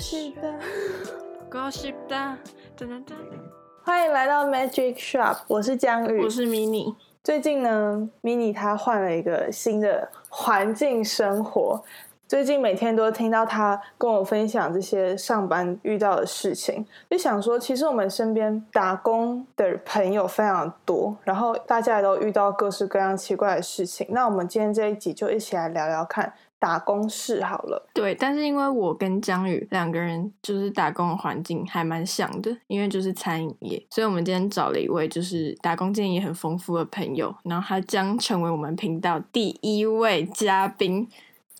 是的，恭喜的，噔噔噔！歡迎來到 Magic Shop，我是姜予，我是 Mini。最近呢，Mini 她換了一個新的環境生活，最近每天都聽到他跟我分享這些上班遇到的事情，就想說，其實我們身邊打工的朋友非常多，然後大家也都遇到各式各樣奇怪的事情。那我們今天這一集就一起來聊聊看。打工是好了，對，但是因為我跟姜予兩個人就是打工的環境還蠻像的，因為就是餐飲業，所以我們今天找了一位就是打工經驗也很豐富的朋友，然後他將成為我們頻道第一位嘉賓，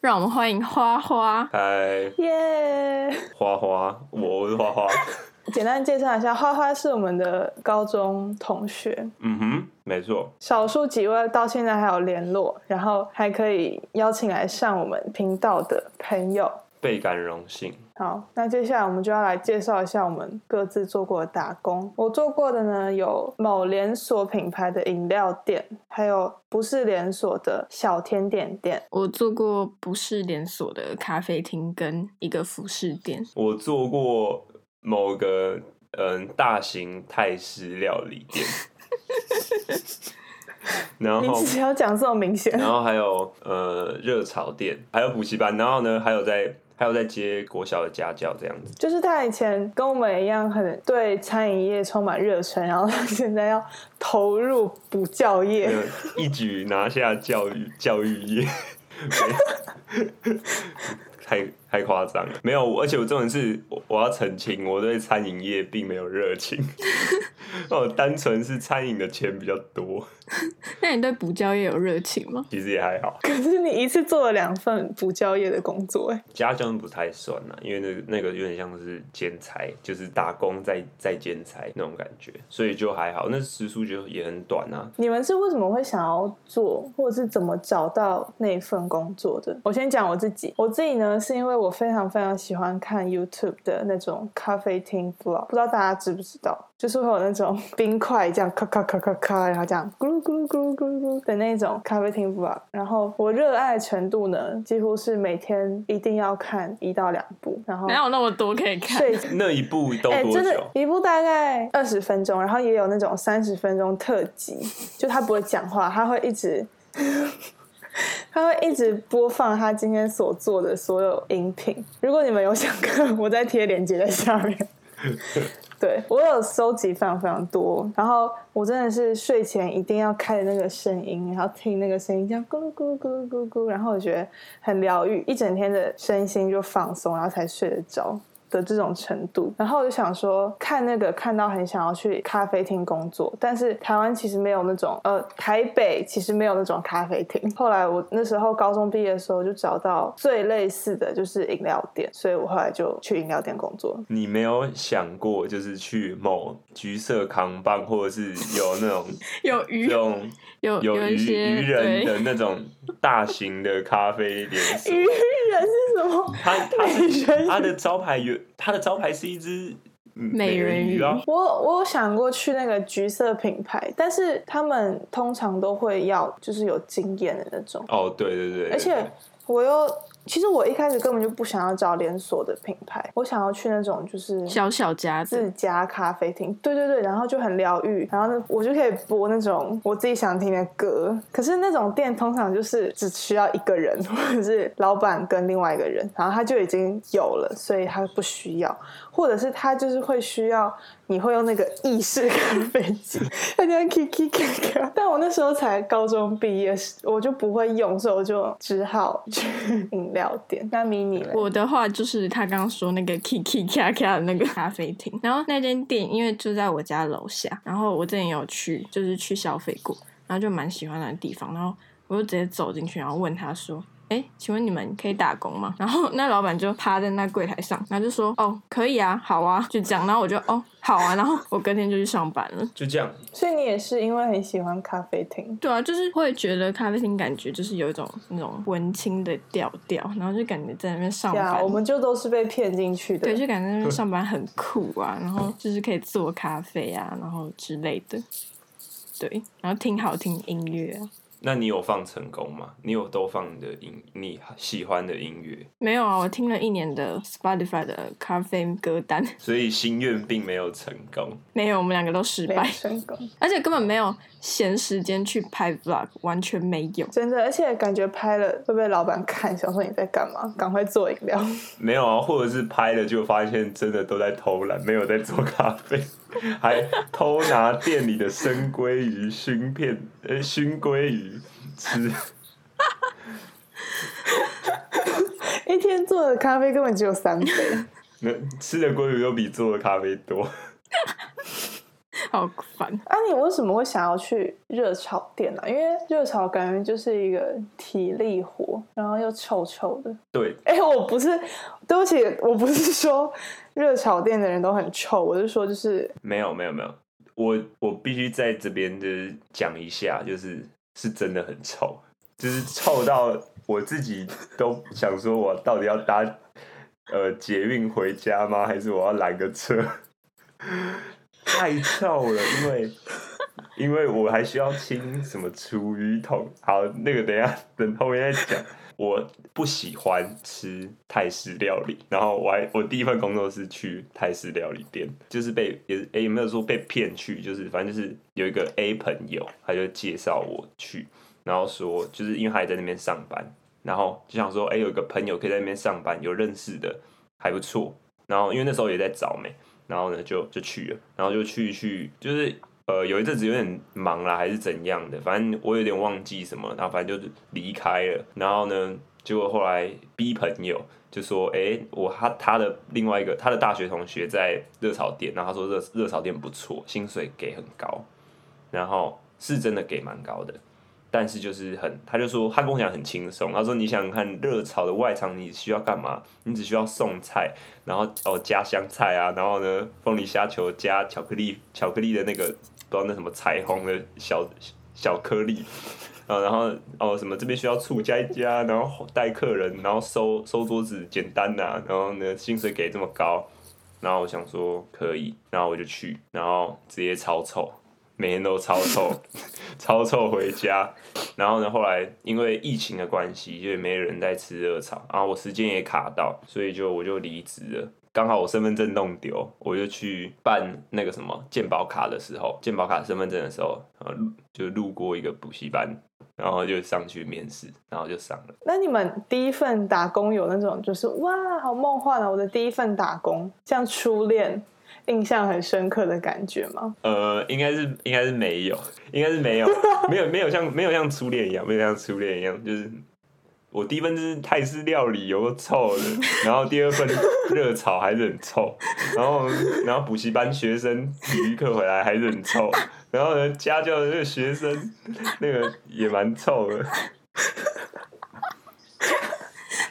讓我們歡迎花花。嗨，耶，花花，我是花花。 簡單介紹一下，花花是我們的高中同學。嗯哼，沒錯，少數幾位到現在還有聯絡，然後還可以邀請來上我們頻道的朋友，倍感榮幸。好，那接下來我們就要來介紹一下我們各自做過的打工。我做過的呢，有某連鎖品牌的飲料店，還有不是連鎖的小甜點店。我做過不是連鎖的咖啡廳跟一個服飾店。我做過。某個嗯、呃、大型泰式料理店， 然後你自己要講這麼明顯，然後還有呃熱炒店，還有補習班，然後呢還有在還有在接國小的家教這樣子。就是他以前跟我們一樣，很對餐飲業充滿熱忱，然後他現在要投入補教業， 一舉拿下教育教育業， 太。太誇張了，沒有，而且我這種是我，我要澄清，我對餐飲業並沒有熱情，哦， 單純是餐飲的錢比較多。 那你對補教業有熱情嗎？其實也還好。可是你一次做了兩份補教業的工作，哎，家教不太算吶、啊，因為那個、那個有點像是兼差，就是打工再在兼差那種感覺，所以就還好。那時數就也很短啊。你們是為什麼會想要做，或者是怎麼找到那份工作的？我先講我自己，我自己呢是因為。我非常非常喜歡看 YouTube 的那種咖啡廳 vlog，不知道大家知不知道，就是會有那種冰塊這樣咔咔咔咔咔，然後這樣咕嚕咕嚕咕嚕咕嚕咕的那種咖啡廳 vlog。然後我熱愛程度呢，幾乎是每天一定要看一到兩部。沒有那麼多可以看？那一部都多久？哎，真的，一部大概二十分鐘，然後也有那種三十分鐘特輯，就他不會講話，他會一直。他會一直播放他今天所做的所有音頻。如果你們有想看，我再貼鏈接在下面。對，我有搜集非常非常多，然後我真的是睡前一定要開那個聲音，然後聽那個聲音，這樣咕嚕咕嚕咕嚕咕嚕，然後我覺得很療癒，一整天的身心就放鬆，然後才睡得着。的這種程度，然後我就想說，看那個看到很想要去咖啡廳工作，但是台灣其實沒有那種，呃，台北其實沒有那種咖啡廳。後來我那時候高中畢業的時候，就找到最類似的就是飲料店，所以我後來就去飲料店工作。你沒有想過就是去某橘色扛棒，或者是有那種有魚這種有有魚魚人的那種大型的咖啡連鎖 魚人是什麼？他他， 他的招牌有。他的招牌是一隻美人魚啊！魚我我有想過去那個橘色品牌，但是他們通常都會要就是有經驗的那種哦，對對對，對,對,對，而且我又。其實我一開始根本就不想要找連鎖的品牌，我想要去那種就是小小家自家咖啡廳，小小對對對，然後就很療癒，然後我就可以播那種我自己想聽的歌。可是那種店通常就是只需要一個人，或者是老闆跟另外一個人，然後他就已經有了，所以他不需要。或者是他就是會需要，你會用那個意式咖啡機，那家 Kiki Kaka，但我那時候才高中畢業，我就不會用，所以我就只好去飲料店， 那迷你。我的話就是他剛剛說那個 Kiki Kaka 那個咖啡廳，然後那間店因為就在我家樓下，然後我之前有去就是去消費過，然後就蠻喜歡的地方，然後我就直接走進去，然後問他說，哎，請問你們可以打工嗎？然後那老闆就趴在那櫃檯上，然後就說：“哦，可以啊，好啊，就講。”然後我就：“哦，好啊。”然後我隔天就去上班了，就這樣。所以你也是因為很喜歡咖啡廳？對啊，就是會覺得咖啡廳感覺就是有一種那種文青的調調，然後就感覺在那邊上班，yeah, 我們就都是被騙進去的，對，就感覺那邊上班很酷啊，然後就是可以做咖啡啊，然後之類的，對，然後聽好聽音樂啊。那你有放成功嗎？你有都放的音你喜歡的音樂？沒有啊，我聽了一年的 Spotify 的咖啡歌單。所以心願並沒有成功。沒有，我們兩個都失敗，沒成功，而且根本沒有閒時間去拍 Vlog，完全沒有。真的，而且感覺拍了會被老板看，想說你在幹嘛？趕快做飲料。沒有啊，或者是拍了就發現真的都在偷懶，沒有在做咖啡。還偷拿店裡的生鮭魚燻片，呃、欸，燻鮭魚吃。一天做的咖啡根本只有三杯，那吃的鮭魚又比做的咖啡多，好煩。啊！你為什麼會想要去熱炒店呢？啊？因為熱炒感覺就是一個體力活，然後又臭臭的。對。哎、欸，我不是，對不起，我不是說。熱炒店的人都很臭，我就說，就是沒有沒有沒有，我我必須在這邊就是講一下，就是是真的很臭，就是臭到我自己都想說我到底要搭呃捷運回家嗎？還是我要攔個車？ 太臭了，因為因為我還需要清什麼廚餘桶。好，那個等一下，等後面再講。我不喜歡吃泰式料理，然後我還我第一份工作是去泰式料理店，就是被也也、欸、有沒有說被騙去？就是反正就是有一個 A 朋友，他就介紹我去，然後說就是因為他還在那邊上班，然後就想說哎、欸、有一個朋友可以在那邊上班，有認識的還不錯，然後因為那時候也在找嘛，然後呢就就去了，然後就去去就是，呃，有一陣子有點忙了，還是怎樣的，反正我有點忘記什麼，然後反正就離開了。然後呢，結果後來逼朋友就說：“哎、欸，我他他的另外一個他的大學同學在熱炒店，然後他說熱熱炒店不錯，薪水給很高，然後是真的給蠻高的，但是就是很，他就說他跟我講很輕鬆，他說你想看熱炒的外場你需要幹嘛？你只需要送菜，然後哦加香菜啊，然後呢鳳梨蝦球加巧克力巧克力的那個。”不知道那什麼彩虹的小小顆粒，啊，然後哦什麼這邊需要醋加一加，然後帶客人，然後收收桌子，簡單吶，啊。然後呢薪水給這麼高，然後我想說可以，然後我就去，然後直接超臭，每天都超臭， 超臭回家，然後呢後來因為疫情的關係，就沒人在吃熱炒，然後我時間也卡到，所以就我就離職了。剛好我身份證弄丟，我就去辦那個什麼健保卡的時候，健保卡身份證的時候，就路過一個補習班，然後就上去面試，然後就上了。那你們第一份打工有那種就是哇，好夢幻啊！我的第一份打工像初戀，印象很深刻的感覺嗎？呃，應該是，應該是沒有，應該是沒有，沒有，沒有像，沒有像初戀一樣，沒有像初戀一樣，就是。我第一份就是泰式料理，有個臭的；然後第二份熱炒還是很臭；然後然後補習班學生體育課回來還是很臭；然後呢家教的那個學生那個也蠻臭的。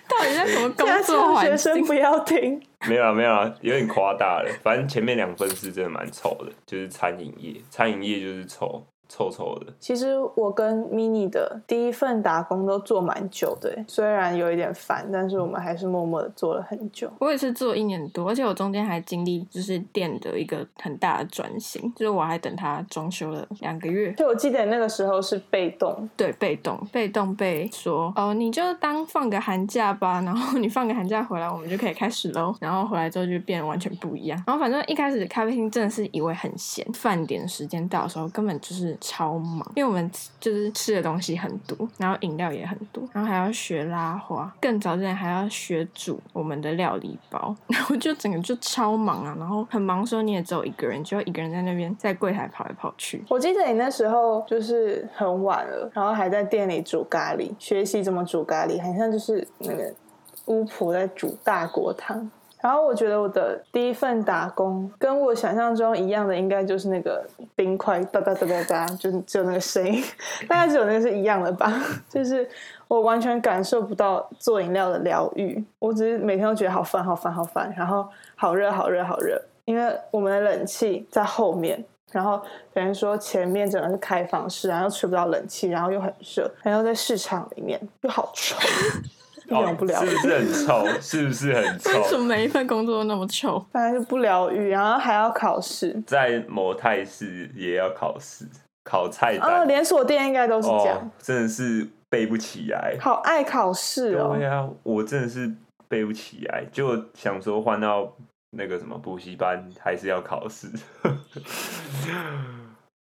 到底在什麼工作環境？家教學生不要聽。沒有啊，沒有啊，有點誇大了。反正前面兩份是真的蠻臭的，就是餐飲業，餐飲業就是臭。臭臭的。其實我跟 Mini 的第一份打工都做蠻久，對，雖然有一點煩，但是我們還是默默的做了很久。我也是做一年多，而且我中間還經歷就是店的一個很大的轉型，就是我還等他裝修了兩個月。就我記得那個時候是被動，對，被動，被動被說哦，你就當放個寒假吧，然後你放個寒假回來，我們就可以開始嘍。然後回來之後就變得完全不一樣。然後反正一開始咖啡廳真的是以為很閒，飯點時間到的時候根本就是。超忙，因為我們就是吃的東西很多，然後飲料也很多，然後還要學拉花，更早之前還要學煮我們的料理包，然後就整個就超忙啊，然後很忙的時候你也只有一個人，就一個人在那邊在櫃檯跑來跑去。我記得你那時候就是很晚了，然後還在店裡煮咖喱，學習怎麼煮咖喱，很像就是那個巫婆在煮大鍋湯。然後我覺得我的第一份打工跟我想象中一樣的，應該就是那個冰塊噠噠，噠噠噠噠噠，就只有那個聲音，大概只有那個是一樣的吧。就是我完全感受不到做飲料的療癒，我只是每天都覺得好煩好煩好煩，然後好熱好熱好熱，因為我們的冷氣在後面，然後等於說前面整個是開放式，然後吹不到冷氣，然後又很熱，然後在市場裡面，就好臭。Oh, 是不是很醜？ 是不是很醜？為什麼每一份工作都那麼醜？反正不療癒，然後還要考試，在某泰市也要考試，考菜單。哦，連鎖店應該都是這樣，oh, 真的是背不起來。好愛考試哦！哎呀、啊，我真的是背不起來，就想說換到那個什麼補習班，還是要考試。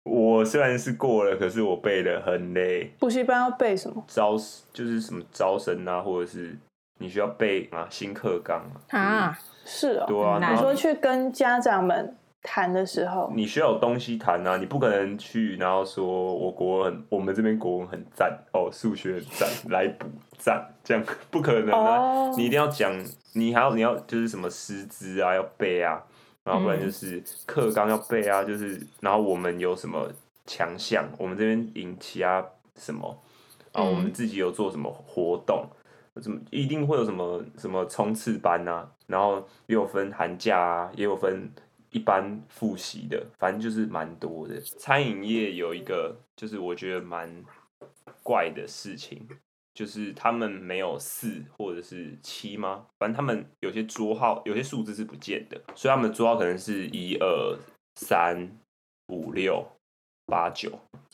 我雖然是過了，可是我背得很累。補習班要背什麼？招就是什麼招生啊，或者是你需要背啊新課綱啊。啊嗯、是哦，對啊。難後你說去跟家長們談的時候，你需要有東西談啊，你不可能去然後說我國文我們這邊國文很讚哦，數學很讚來補讚， 這樣不可能的。Oh. 你一定要講，你還要你要就是什麼師資啊要背啊。然後不然就是課綱要背啊，就是然後我們有什麼強項，我們這邊贏其他什麼啊，啊，我們自己有做什麼活動，怎麼一定會有什麼什麼衝刺班啊，然後也有分寒假啊，也有分一般複習的，反正就是蠻多的。餐飲業有一個就是我覺得蠻怪的事情。就是他們沒有四或者是七嗎？反正他們有些桌號有些數字是不見的，所以他們桌號可能是一二三五六八九，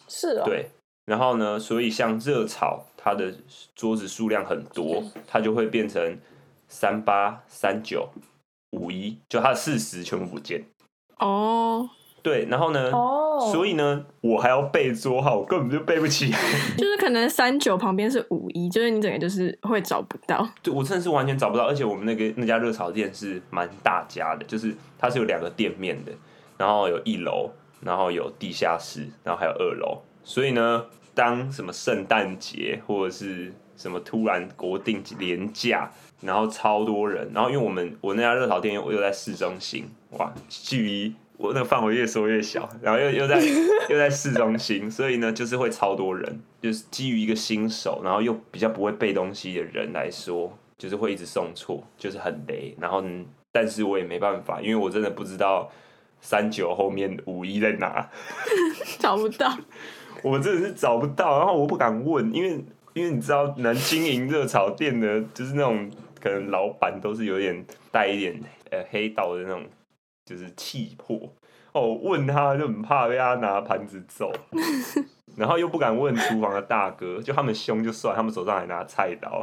是的對。然後呢，所以像熱炒，它的桌子數量很多，是它就會變成三八三九五一，就它的四十全部不見哦。Oh. 對，然後呢，Oh. 所以呢，我還要背桌號，我根本就背不起 就是可能三九旁邊是五一，就是你整個就是會找不到。對，我真的是完全找不到。而且我們那個那家熱炒店是蠻大家的，就是它是有兩個店面的，然後有一樓，然後有地下室，然後還有二樓。所以呢，當什麼聖誕節或者是什麼突然國定連假，然後超多人，然後因為我們我那家熱炒店又，又在市中心，哇，距離。我那個範圍越縮越小，然後又又在又在市中心， 所以呢，就是會超多人。就是基於一個新手，然後又比較不會背東西的人來說，就是會一直送錯，就是很雷。然後，但是我也沒辦法，因為我真的不知道三九後面五一在哪， 找不到。 我真的是找不到，然後我不敢問，因為因為你知道，能經營熱炒店的，就是那種可能老闆都是有點帶一點呃黑道的那種。就是氣魄哦，問他就很怕被他拿盤子揍， 然後又不敢問廚房的大哥，就他們凶就算，他們手上還拿菜刀。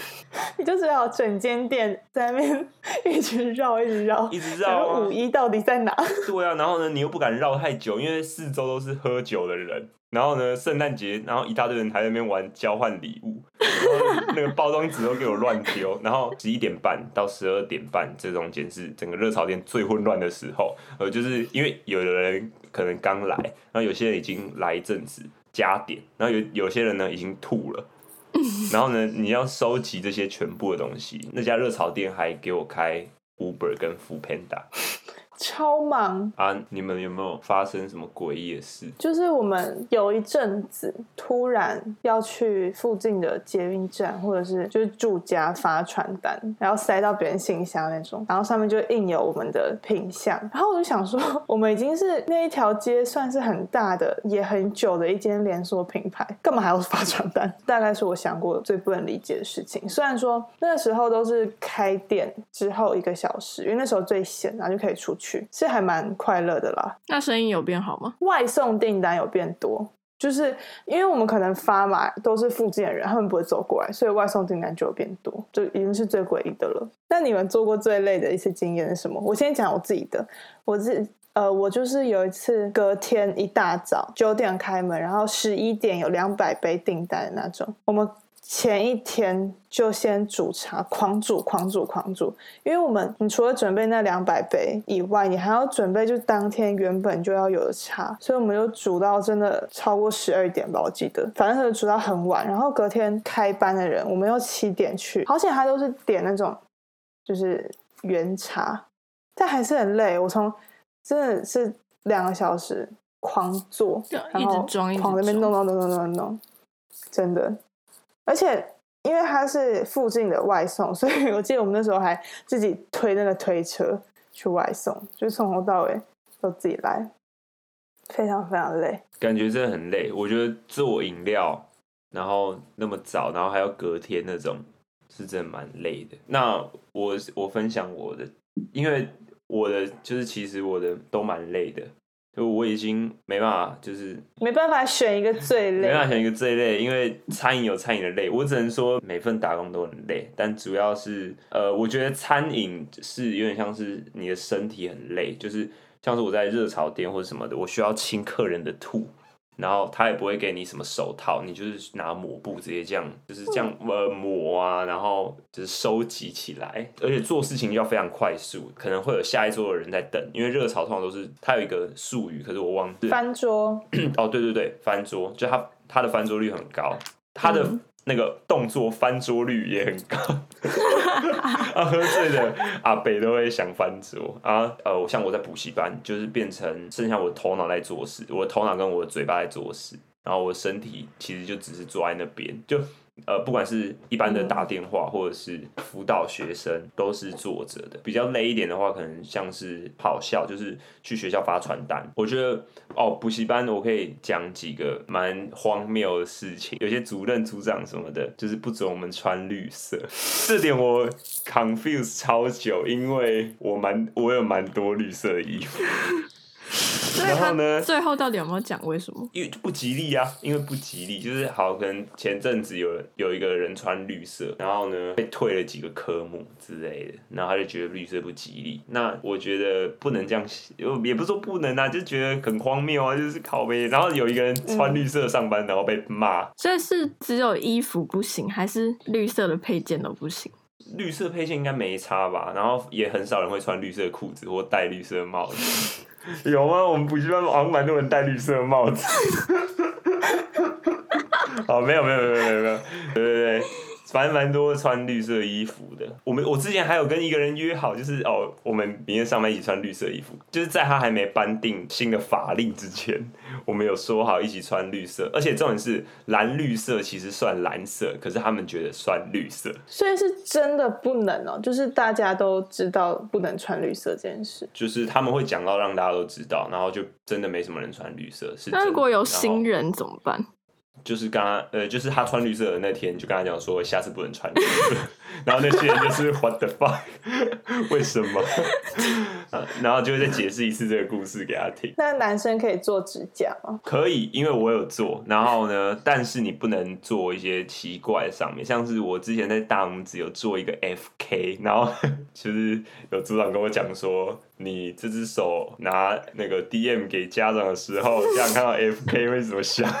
你就是要整間店在那邊，一直繞，一直繞，一直繞啊。五一到底在哪？對啊，然後呢，你又不敢繞太久，因為四周都是喝酒的人。然後呢，聖誕節，然後一大堆人還在那邊玩交換禮物，然後那個包裝紙都給我亂丟。然後十一點半到十二點半，這中間是整個熱炒店最混亂的時候。呃，就是因為有的人可能剛來，然後有些人已經來一陣子加點，然後有有些人呢已經吐了。然後呢，你要收集這些全部的東西。那家熱炒店還給我開 Uber 跟 Foodpanda。超忙啊！你們有沒有發生什麼詭異的事？就是我們有一陣子突然要去附近的捷運站，或者是就是住家發傳單，然後塞到別人信箱那種，然後上面就印有我們的品項。然後我就想說，我們已經是那一條街算是很大的、也很久的一間連鎖品牌，幹嘛還要發傳單？大概是我想過最不能理解的事情。雖然說那時候都是開店之後一個小時，因為那時候最閒，然後就可以出去。是還蠻快樂的啦。那生意有變好嗎？外送訂單有變多，就是因為我們可能發嘛，都是附近的人，他們不會走過來，所以外送訂單就有變多，就已經是最詭異的了。那你們做過最累的一次經驗是什麼？我先講我自己的，我自呃，我就是有一次隔天一大早九點開門，然後十一點有兩百杯訂單的那種，我們。前一天就先煮茶，狂煮、狂煮、狂煮，因為我們你除了準備那兩百杯以外，你還要準備就是當天原本就要有的茶，所以我們就煮到真的超過十二點吧，我記得，反正就煮到很晚。然後隔天開班的人，我們要七點去，好險還都是點那種就是原茶，但還是很累。我從真的是兩個小時狂做，對然後一直一直狂在那邊弄弄弄、弄弄弄弄弄弄，真的。而且因為它是附近的外送，所以我記得我們那時候還自己推那個推車去外送，就從頭到尾都自己來，非常非常累，感覺真的很累。我覺得做飲料，然後那麼早，然後還要隔天那種，是真的蠻累的。那我我分享我的，因為我的就是其實我的都蠻累的。就我已經沒辦法，就是沒辦法選一個最累，沒辦法選一個最累，因為餐飲有餐飲的累。我只能說每份打工都很累，但主要是呃，我覺得餐飲是有點像是你的身體很累，就是像是我在熱炒店或者什麼的，我需要清客人的吐。然後他也不會給你什麼手套，你就是拿抹布直接這樣，就是這樣、嗯、呃抹啊，然後就是收集起來，而且做事情要非常快速，可能會有下一桌的人在等，因為熱潮通常都是他有一個術語，可是我忘記了。翻桌。哦，對對對，翻桌，就他他的翻桌率很高，他的。嗯那個動作翻桌率也很高， 啊，喝醉、 啊、的阿北都會想翻桌啊。呃，我像我在補習班，就是變成剩下我的頭腦在做事，我的頭腦跟我的嘴巴在做事，然後我身體其實就只是坐在那邊就。呃，不管是一般的打電話，或者是輔導學生，都是坐着的。比較累一點的話，可能像是跑校，就是去學校發傳單。我覺得哦，補習班我可以講幾個蠻荒謬的事情。有些主任組長什麼的，就是不准我們穿綠色， 這點我 confuse 超久，因為我蠻我有蠻多綠色衣服。 然後呢？最後到底有沒有講為什麼？因為就不吉利啊！因為不吉利，就是好，可能前陣子有有一個人穿綠色，然後呢被退了幾個科目之類的，然後他就覺得綠色不吉利。那我覺得不能這樣，寫，也不是說不能啊，就覺得很荒謬啊，就是靠北。然後有一個人穿綠色上班，嗯、然後被罵。所以是只有衣服不行，還是綠色的配件都不行？綠色配件應該沒差吧？然後也很少人會穿綠色褲子或戴綠色帽子。 有嗎？我們補習班好像蠻多人戴綠色的帽子。哦。 沒有沒有沒有沒有沒有，對對對。反正蠻多穿綠色衣服的。我們我之前還有跟一個人約好，就是哦，我們明天上班一起穿綠色衣服，就是在他還沒頒定新的法令之前，我們有說好一起穿綠色。而且重點是，藍綠色其實算藍色，可是他們覺得算綠色。雖然是真的不能哦、喔，就是大家都知道不能穿綠色這件事，就是他們會講到讓大家都知道，然後就真的沒什麼人穿綠色。是，那如果有新人後怎麼辦？就是剛剛呃，就是他穿綠色的那天，就跟他講說下次不能穿綠色， 然後那些人就是 what the fuck？ 為什麼？ 然後就會再解釋一次這個故事給他聽。那男生可以做指甲嗎？可以，因為我有做。然後呢，但是你不能做一些奇怪的上面，像是我之前在大拇指有做一個 FK，然後其實有組長跟我講說，你這隻手拿那個 D M 給家長的時候，家長看到 F K 會怎麼想？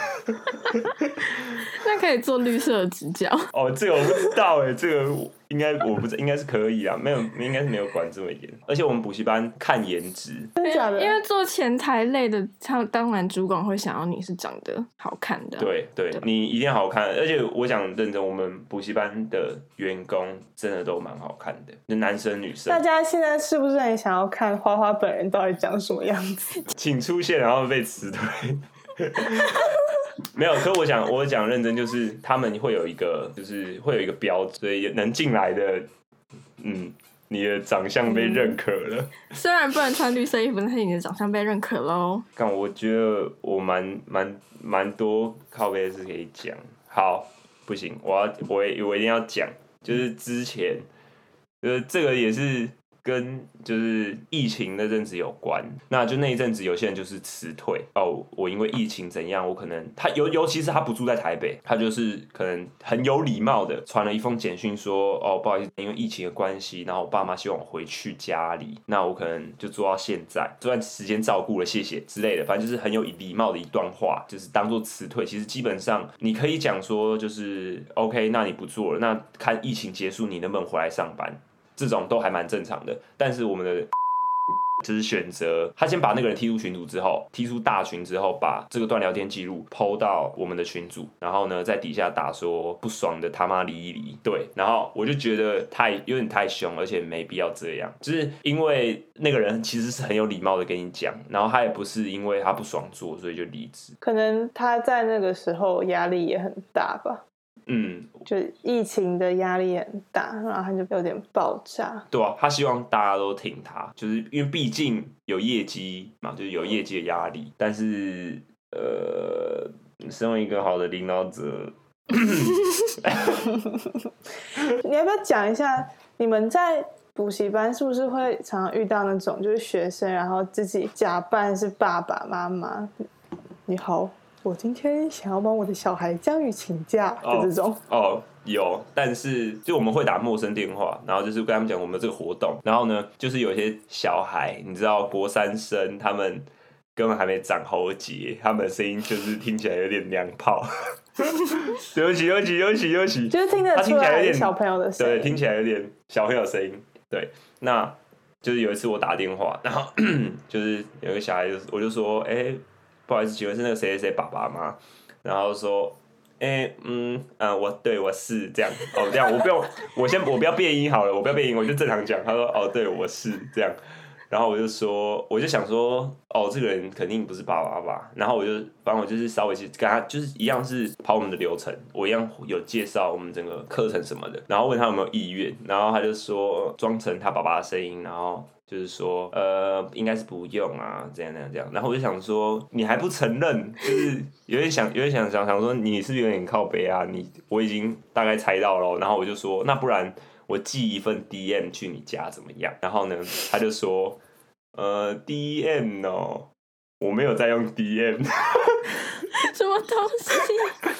那可以做綠色的指甲。哦 ，oh, 這個我不知道哎，這個。 應該我不知道應該是可以啊。沒有，應該是沒有管這麼嚴，而且我們補習班看顏值。真的假的？因為做前台類的，他當然主管會想要你是長得好看的，對對，對對你一定好看，而且我想認真，我們補習班的員工真的都蠻好看的，男生女生。大家現在是不是很想要看花花本人到底長什麼樣子？ 請出現，然後被辭退。 沒有，可我想，我講的認真，就是他們會有一個，就是會有一個標準，所以能進來的，嗯，你的長相被認可了。嗯、雖然不能穿綠色衣服，但是你的長相被認可嘍。但我覺得我蠻蠻蠻多靠背是可以講。好，不行，我要我我一定要講，就是之前，就是、這個也是。跟就是疫情那陣子有關，那就那一陣子有些人就是辭退哦，我因為疫情怎樣，我可能他尤尤其是他不住在台北，他就是可能很有禮貌的傳了一封簡訊說哦，不好意思，因為疫情的關係，然後我爸媽希望我回去家裡，那我可能就做到現在這段時間照顧了，謝謝之類的，反正就是很有禮貌的一段話，就是當做辭退。其實基本上你可以講說就是 OK，那你不做了，那看疫情結束你能不能回來上班。這種都還蠻正常的，但是我們的 X X 就是選擇他先把那個人踢出群組之後，踢出大群之後，把這個段聊天記錄 po 到我們的群組，然後呢，在底下打說不爽的他媽離一離。對，然後我就覺得太有點太兇，而且沒必要這樣，就是因為那個人其實是很有禮貌的跟你講，然後他也不是因為他不爽做所以就離職，可能他在那個時候壓力也很大吧。嗯，就疫情的壓力很大，然後他就有點爆炸。對啊，他希望大家都挺他，就是因為畢竟有業績嘛，就是有業績的壓力。但是，呃，身為一個好的領導者，你要不要講一下，你們在補習班是不是會常常遇到那種，就是學生，然後自己假扮是爸爸媽媽？你好。我今天想要幫我的小孩姜予請假，就這種哦，oh, oh, 有，但是就我們會打陌生電話，然後就是跟他們講我們這個活動，然後呢，就是有些小孩，你知道國三生，他們根本還沒長喉結，他們的聲音就是聽起來有點娘炮，有喜有喜有喜有喜，就是聽得他聽起來有點小朋友的聲音，對，聽起來有點小朋友聲音，對，那就是有一次我打電話，然後就是有個小孩，就我就說，哎、欸。不好意思，請問是那個誰誰誰爸爸嗎？然後說，誒、欸，嗯，啊，我對我是這樣，哦，這樣我不，我，我不要，我先我不要變音好了，我不要變音，我就正常講。他說，哦，對我是這樣，然後我就說，我就想說，哦，這個人肯定不是爸爸吧？然後我就，反正我就是稍微去跟他，就是一樣是跑我們的流程，我一樣有介紹我們整個課程什麼的，然後問他有沒有意願，然後他就說裝成他爸爸的聲音，然後。就是說，呃，應該是不用啊，這樣、那樣、這樣。然後我就想說，你還不承認，就是有點想，有點想想想說你是有點靠北啊。你我已經大概猜到了哦。然後我就說，那不然我寄一份 DM 去你家怎麼樣？然後呢，他就說，呃，DM 哦，我沒有在用 DM， 什麼東西。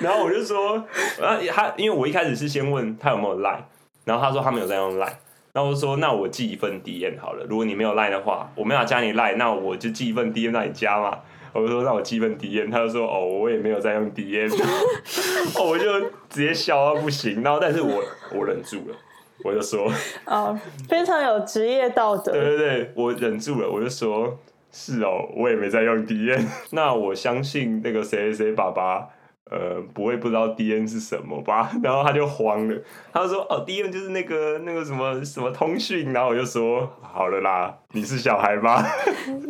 然後我就說，啊，他因為我一開始是先問他有沒有賴，然後他說他沒有在用賴。然後我就說，那我寄一份 DM 好了。如果你沒有 line 的話，我沒有加你賴，那我就寄一份 DM 讓你加嘛。我就說，那我寄一份 DM。他就說，哦，我也沒有在用 DM、 哦。我就直接笑到不行。然後，但是我我忍住了，我就說，哦，非常有職業道德。 對對對，我忍住了，我就說，是哦，我也沒在用 DM。 那我相信那個誰誰爸爸。呃，不會不知道 DM 是什麼吧？然後他就慌了，他就說：“哦，DM 就是那個那個什麼什麼通訊。”然後我就說：“好了啦，你是小孩嗎？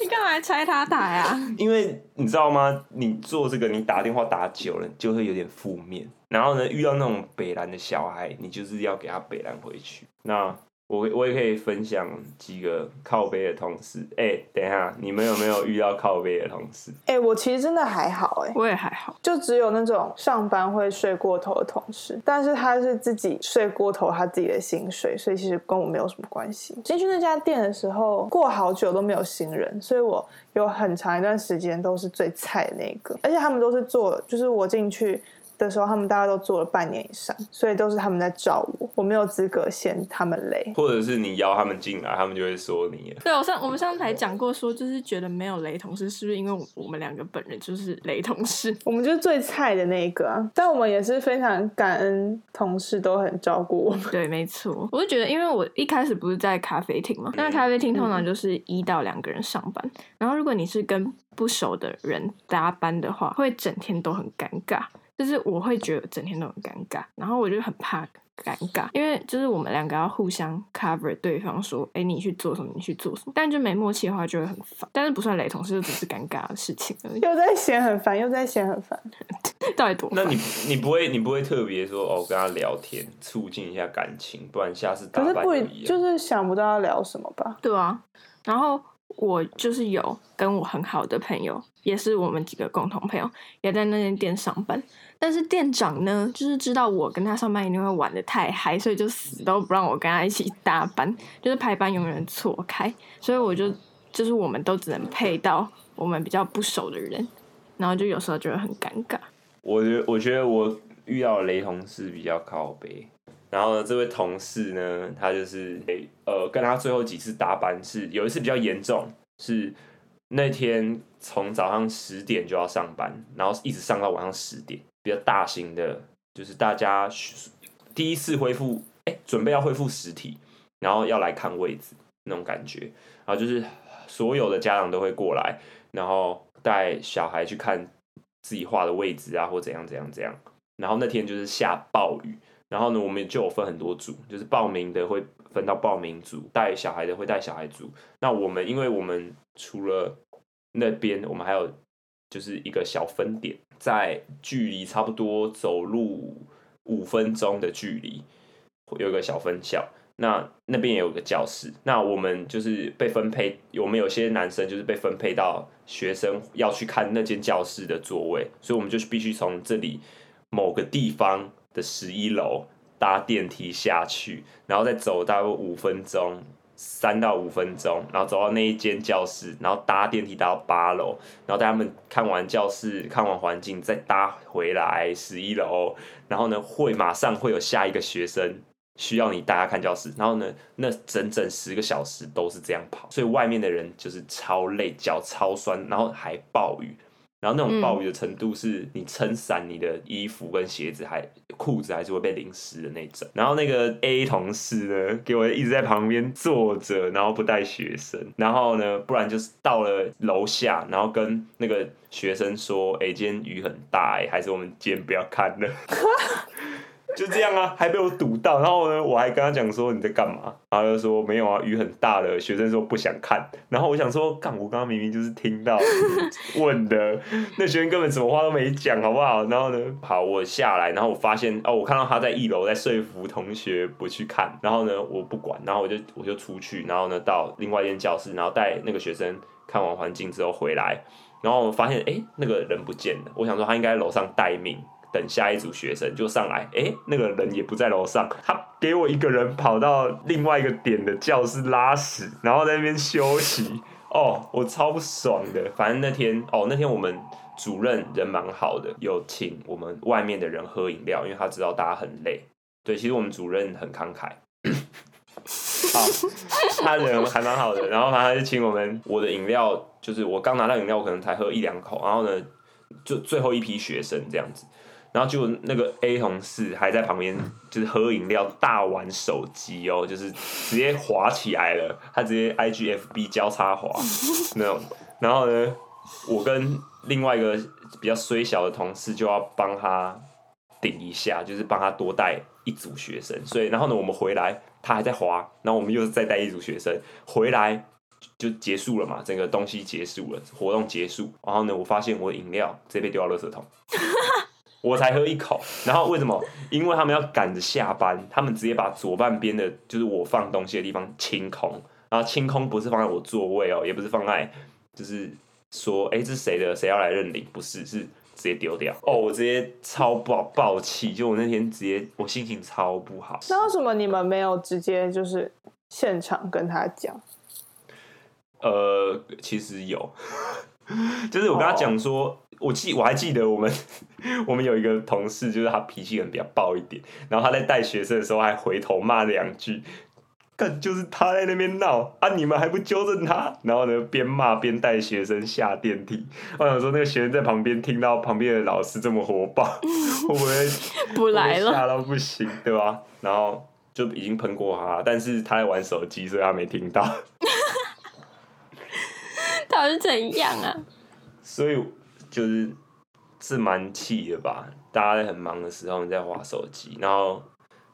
你幹嘛拆他台呀、啊？”因為你知道嗎？你做這個，你打電話打久了就會有點負面。然後呢，遇到那種北爛的小孩，你就是要給他北爛回去。那。我我也可以分享幾個靠北的同事，哎、欸，等一下，你們有沒有遇到靠北的同事？哎、欸，我其實真的還好、欸，哎，我也還好，就只有那種上班會睡過頭的同事，但是他是自己睡過頭，他自己的薪水，所以其實跟我沒有什麼關係。進去那家店的時候，過好久都沒有新人，所以我有很長一段時間都是最菜那個，而且他們都是做，就是我進去。的時候，他們大家都做了半年以上，所以都是他們在照我，我沒有資格嫌他們累，或者是你邀他們進來，他們就會說你。對，我上我們上台講過，說就是覺得沒有雷同事，是不是因為我們兩個本人就是雷同事？ 我們就是最菜的那一個啊，但我們也是非常感恩同事都很照顧我們。對，沒錯。我就覺得，因為我一開始不是在咖啡廳嘛，那對咖啡廳通常就是一到兩個人上班，嗯嗯然後如果你是跟不熟的人搭班的話，會整天都很尷尬。就是我會覺得整天都很尷尬，然後我就很怕尷尬，因為就是我們兩個要互相 cover 對方說，哎、欸，你去做什麼？你去做什麼？但就沒默契的話，就會很煩。但是不算雷同事，就只是尷尬的事情而已。 又在嫌很煩，又在嫌很煩， 到底多煩？那你你不會你不會特別說哦，跟他聊天促進一下感情，不然下次大可是不會，就是想不到要聊什麼吧？對啊。然後我就是有跟我很好的朋友，也是我們幾個共同朋友，也在那間店上班。但是店長呢，就是知道我跟他上班一定會玩的太嗨，所以就死都不讓我跟他一起搭班，就是排班永遠錯開，所以我就就是我們都只能配到我們比較不熟的人，然後就有時候覺得很尷尬。我覺我覺得我遇到雷同事比較靠北。然後這位同事呢，他就是呃跟他最後幾次搭班是有一次比較嚴重，是那天從早上十點就要上班，然後一直上到晚上十點。比較大型的，就是大家第一次恢復，誒、欸，準備要恢復實體，然後要來看位置那種感覺，然後就是所有的家長都會過來，然後帶小孩去看自己畫的位置啊，或怎樣怎樣怎樣。然後那天就是下暴雨，然後呢，我們就有分很多組，就是報名的會分到報名組，帶小孩的會帶小孩組。那我們因為我們除了那邊，我們還有。就是一個小分點，在距離差不多走路五分鐘的距離，有一個小分校。那那邊也有個教室。那我們就是被分配，我們有些男生就是被分配到學生要去看那間教室的座位，所以我們就必須從這裡某個地方的十一樓搭電梯下去，然後再走大概五分鐘。三到五分鐘，然後走到那一間教室，然後搭電梯搭到八樓，然後帶他們看完教室，看完環境，再搭回來十一樓。然後呢，會馬上會有下一個學生需要你帶他看教室。然後呢，那整整十個小時都是這樣跑，所以外面的人就是超累，腳超酸，然後還暴雨。然後那種暴雨的程度，是你撐傘，你的衣服跟鞋子還褲子還是會被淋濕的那種。然後那個 A 同事呢，給我一直在旁邊坐着，然後不帶學生。然後呢，不然就是到了樓下，然後跟那個學生說：“哎、欸，今天雨很大、欸，哎，還是我們今天不要看了。” 就這樣啊，還被我堵到，然後呢，我還跟他講說，你在幹嘛？然後他說沒有啊，雨很大了。學生說不想看，然後我想說，幹，我剛剛明明就是聽到問的，那學生根本什麼話都沒講，好不好？然後呢，好，我下來，然後我發現哦，我看到他在一樓在說服同學不去看，然後呢，我不管，然後我就我就出去，然後呢，到另外一間教室，然後帶那個學生看完環境之後回來，然後我發現欸，那個人不見了，我想說他應該在樓上待命。等下一組學生就上來，哎、欸，那個人也不在樓上，他給我一個人跑到另外一個點的教室拉屎，然後在那邊休息。哦，我超不爽的。反正那天，哦，那天我們主任人蠻好的，有請我們外面的人喝飲料，因為他知道大家很累。對，其實我們主任很慷慨， 好，他人還蠻好的。然後他就請我們，我的飲料就是我剛拿到飲料，我可能才喝一兩口，然後呢，就最後一批學生這樣子。然後就那個 A 同事還在旁邊，就是喝飲料、大玩手機哦，就是直接滑起來了。他直接 IGFB 交叉滑，那種。然後呢，我跟另外一個比較衰小的同事就要幫他頂一下，就是幫他多帶一組學生。所以然後呢，我們回來他還在滑，然後我們又再帶一組學生回來就，就結束了嘛，整個東西結束了，活動結束。然後呢，我發現我的飲料直接被丟到垃圾桶。我才喝一口，然後為什麼？因為他們要趕着下班，他們直接把左半邊的，就是我放東西的地方清空，然後清空不是放在我座位哦，也不是放在就是說，哎，這是誰的，誰要來認領？不是，是直接丟掉。哦，我直接超爆爆氣，就我那天直接我心情超不好。那為什麼你們沒有直接就是現場跟他講？呃，其實有， 就是我跟他講說。哦我記，我還記得我們，我們有一個同事，就是他脾氣很比較暴一點，然後他在帶學生的時候還回頭罵兩句，看就是他在那邊鬧啊，你們還不糾正他？然後呢，邊罵邊帶學生下電梯。我想說，那個學生在旁邊聽到旁邊的老師這麼火爆，我不 不來了？嚇到不行，對吧？然後就已經噴過他，但是他在玩手機，所以他沒聽到。 他是怎樣啊？所以。就是是蠻氣的吧？大家在很忙的時候，你在滑手機，然後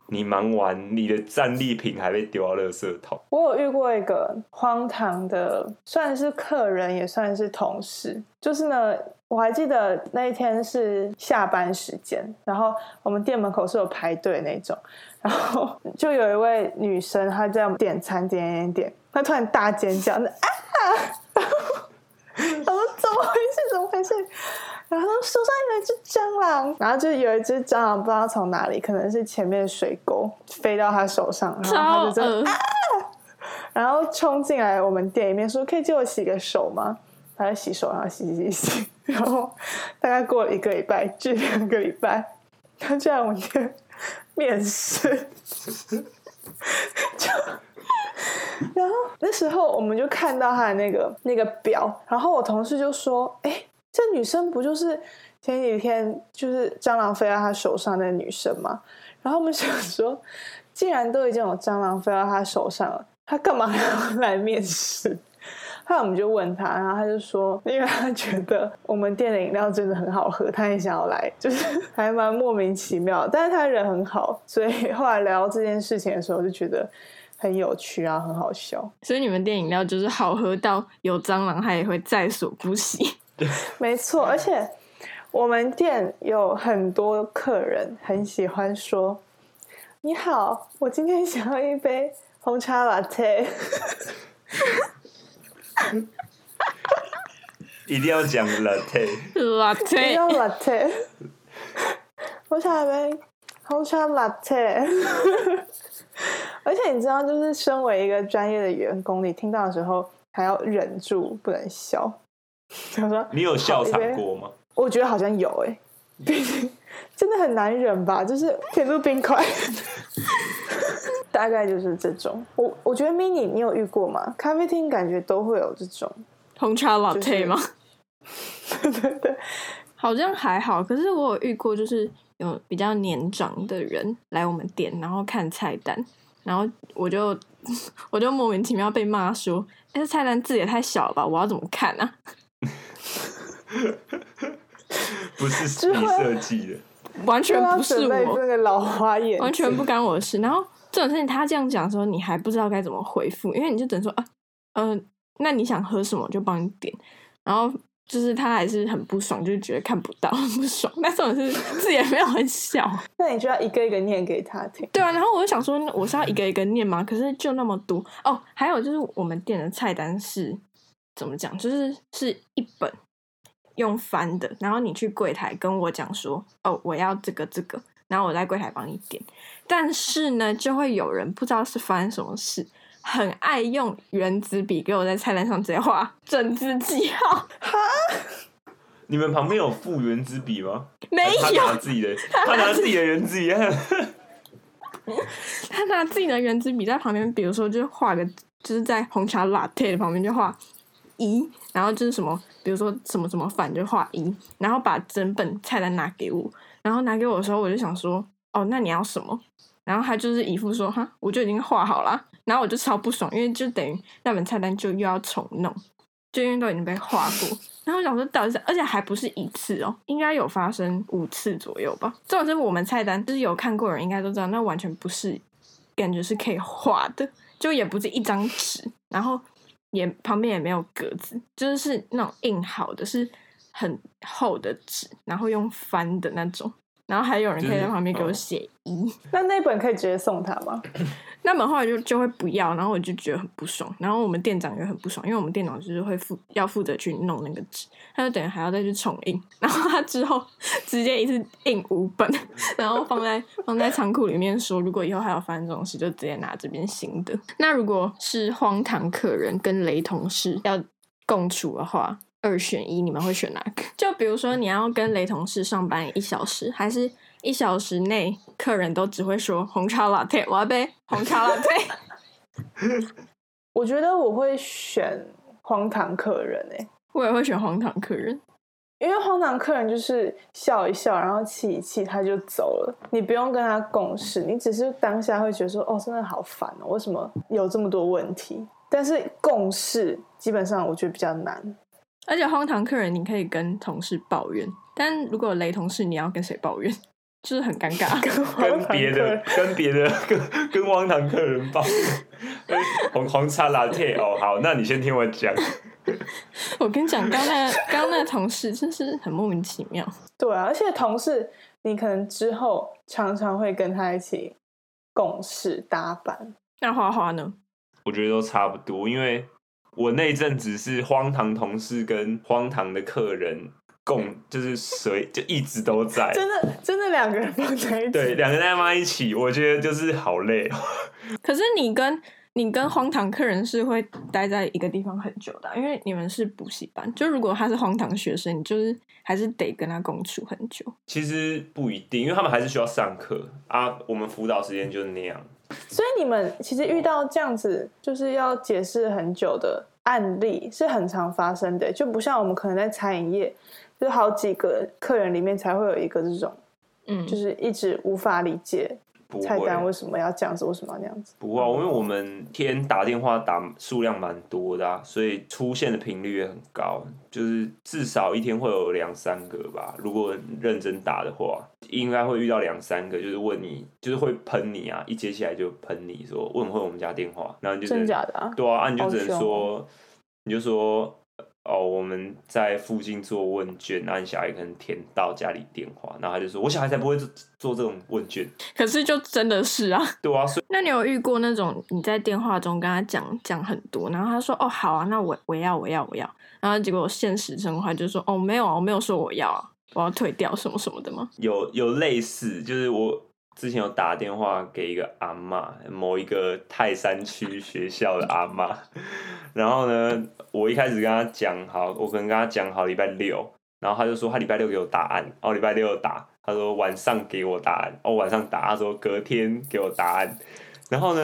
你忙完，你的戰利品還被丟到垃圾桶。我有遇過一個荒唐的，算是客人也算是同事，就是呢，我還記得那一天是下班時間，然後我們店門口是有排隊那種，然後就有一位女生，她這樣點餐點、點、點、點，她突然大尖叫，啊！ 怎麼回事？怎麼回事？然後手上有一隻蟑螂，然後就有一隻蟑螂不知道從哪裡，可能是前面的水溝飛到他手上，然後他就這樣超噁 啊，然後衝進來我們店裡面說：“可以借我洗個手嗎？”他在洗手，然後洗洗洗洗，然後大概過了一個禮拜，至兩個禮拜，他就來我們店面試 就。那時候我們就看到他的那個那個表，然後我同事就說：“哎，這女生不就是前幾天就是蟑螂飛到她手上的女生嗎？”然後我們想說，既然都已經有蟑螂飛到她手上了，她幹嘛還要來面試？後來我們就問他，然後他就說：“因為他覺得我們店的飲料真的很好喝，他也想要來，就是還蠻莫名其妙。但是他人很好，所以後來聊這件事情的時候，就覺得。”很有趣啊，很好笑。所以你們店飲料就是好喝到有蟑螂，它也會在所不惜。對，沒錯。而且我們店有很多客人很喜歡說：“你好，我今天想要一杯紅茶拿鐵。 ”一定要講拿鐵，拿鐵 要拿鐵。 我想一杯，紅茶拿鐵。而且你知道，就是身為一個專業的員工，你聽到的時候還要忍住不能笑。 說你有笑場過嗎？我覺得好像有、欸、 真的很難忍吧，就是鐵路冰塊， 大概就是這種。我我覺得 mini，你有遇過嗎？咖啡廳感覺都會有這種紅茶 Latte 嗎？就是、 對對對，好像還好。可是我有遇過，就是有比較年長的人來我們店，然後看菜單。然後我就我就莫名其妙被罵說：“哎、欸，是菜單字也太小了吧，我要怎麼看啊？” 不是設計的， 完全不是我那個老花眼，完全不干我的事。 然後，這種事情，他這樣講的時候，你還不知道該怎麼回復，因為你就等於說啊，嗯、呃，那你想喝什麼，我就幫你點，然後。就是他還是很不爽，就是、覺得看不到，很不爽。但是我也是字也沒有很小， 那你就要一個一個念給他聽。對啊，然後我就想說，我是要一個一個念嗎？可是就那麼多哦。Oh, 還有就是我們店的菜單是怎麼講？就是是一本用翻的，然後你去櫃檯跟我講說，哦、oh,，我要這個這個，然後我在櫃檯幫你點。但是呢，就會有人不知道是翻什麼事。很愛用原子筆給我在菜單上直接畫正字記號。哈？你們旁邊有附原子筆嗎？沒有。他拿自己的，他拿自己的原子筆。他拿自己的原子筆在旁邊，比如說就畫個，就是在紅茶 Latte 的旁邊就畫一，然後就是什麼，比如說什麼什麼反就畫一，然後把整本菜單拿給我，然後拿給我的時候我就想說，哦，那你要什麼？然後他就是一副說哈，我就已經畫好了。然後我就超不爽，因為就等於那本菜單就又要重弄，就因為都已經被畫過。然後我想說到底是，而且還不是一次哦，應該有發生五次左右吧。這種是我們菜單，就是有看過人應該都知道，那完全不是感覺是可以畫的，就也不是一張紙，然後也旁邊也沒有格子，就是那種印好的，是很厚的紙，然後用翻的那種。然後還有人可以在旁邊給我寫一，那的、嗯、那本可以直接送他嗎？那本後來就就會不要，然後我就覺得很不爽。然後我們店長也很不爽，因為我們店長就是會負要負責去弄那個紙，他就等於還要再去重印。然後他之後直接一次印五本，然後放在放在倉庫裡面說，說如果以後還有發生這種事就直接拿這邊新的。那如果是荒唐客人跟雷同事要共處的話？二選一，你們會選哪個？就比如說，你要跟雷同事上班一小時，還是一小時內客人都只會說“紅茶老鐵”？我要杯紅茶老鐵。 我覺得我會選荒唐客人、欸、我也會選荒唐客人，因為荒唐客人就是笑一笑，然後氣一氣他就走了，你不用跟他共事，你只是當下會覺得說：“哦，真的好煩哦，為什麼有這麼多問題？”但是共事基本上我覺得比較難。而且荒唐客人，你可以跟同事抱怨，但如果有雷同事，你要跟誰抱怨？就是很尷尬， 跟別的，的，跟別的，跟跟荒唐客人抱怨。紅紅茶拿鐵哦，好，那你先聽我講。 我跟你講，剛剛那個、剛剛那個同事真是很莫名其妙。對啊，而且同事，你可能之後常常會跟他一起共事搭班。那花花呢？我覺得都差不多，因為。我那陣子是荒唐同事跟荒唐的客人共，就是誰就一直都在， 真的真的兩個人放在一起， 對，兩個人放在一起，我覺得就是好累。 可是你跟你跟荒唐客人是會待在一個地方很久的，因為你們是補習班，就如果他是荒唐學生，你就是還是得跟他共處很久。其實不一定，因為他們還是需要上課啊，我們輔導時間就是那樣。所以你們其實遇到這樣子就是要解釋很久的案例是很常發生的，就不像我們可能在餐飲業，就好幾個客人裡面才會有一個這種，嗯，就是一直無法理解。菜單為什麼要這樣子？為什麼要那樣子？不會啊，因為我們天打電話打數量蠻多的啊，所以出現的頻率也很高。就是至少一天會有兩三個吧。如果認真打的話，應該會遇到兩三個，就是問你，就是會噴你啊！一接起來就噴你說問會我們家電話，然後你就真假的啊？對啊，啊你就只能說，你就說。哦，我們在附近做問卷，那小孩也可能填到家裡電話，然後他就說：“我小孩才不會做，做這種問卷。”可是就真的是啊，對啊。所以那你有遇過那種你在電話中跟他講講很多，然後他說：“哦，好啊，那我我要我要我要。我要我要”然後結果我現實生活就說：“哦，沒有啊，我沒有說我要啊，我要退掉什麼什麼的嗎？”有有類似，就是我。之前有打電話給一個阿嬤，某一個泰山區學校的阿嬤， 然後呢，我一開始跟他講好，我可能跟他講好禮拜六，然後他就說他禮拜六給我答案，哦，禮拜六打，他說晚上給我答案，哦，晚上打，他說隔天給我答案，然後呢，